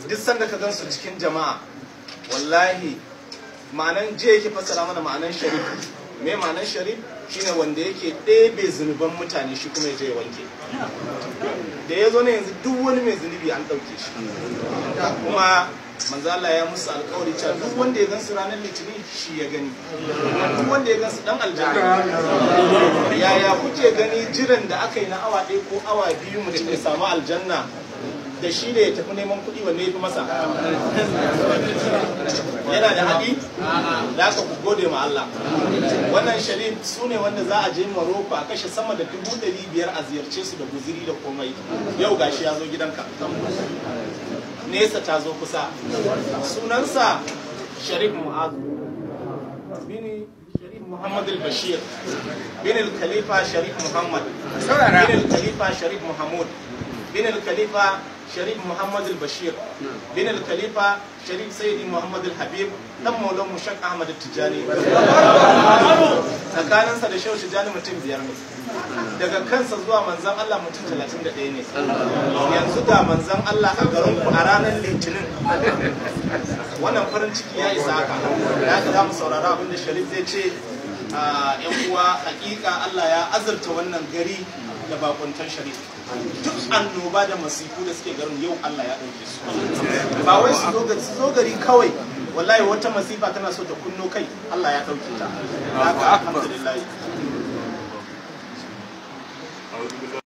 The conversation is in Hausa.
duk da ka su cikin jama'a wallahi ma'anan je yake fassara mana ma'anan sharif me ma'anan sharif shine wanda yake ɗebe zunuban mutane shi kuma je ya wanke da ya zo ne yanzu duk wani mai zunubi an ɗauke shi kuma manzala ya musu alƙawari cewa duk wanda ya gansu ranar litinin shi ya gani duk wanda ya gansu dan aljanna yaya kuke gani jiran da aka yi na awa ɗaya ko awa biyu mutum ya samu aljanna da shi ne ya tafi neman kuɗi wanne fi masa yana da haɗi da aka ku gode ma Allah wannan sharif su ne wanda za a je Maroko a kashe sama da dubu ɗari biyar a ziyarce su da guziri da komai yau gashi ya zo gidanka nesa ta zo kusa sunansa sharif mu'azu bini sharif muhammad al-bashir bin al-khalifa sharif muhammad bin al-khalifa sharif muhammad bin al-khalifa sharif muhammad bashir bin khalifa sharif sayyidi muhammad al-habib dan maulan mushak ahmad tijani tsakaninsa da shehu tijani mutum biyar daga kansa zuwa manzan allah mutum talatin da ɗaya ne yanzu ga manzan allah a garin a ranar litinin wannan farin ciki ya isa haka da za mu saurara abinda sharif zai ce yan uwa hakika Allah ya azurta wannan gari da bakuntar shari'a duk annoba da masifu da suke garin yau Allah ya ɗauke su ba wai su zo gari kawai wallahi wata masifa tana so ta kunno kai Allah ya ɗauke ta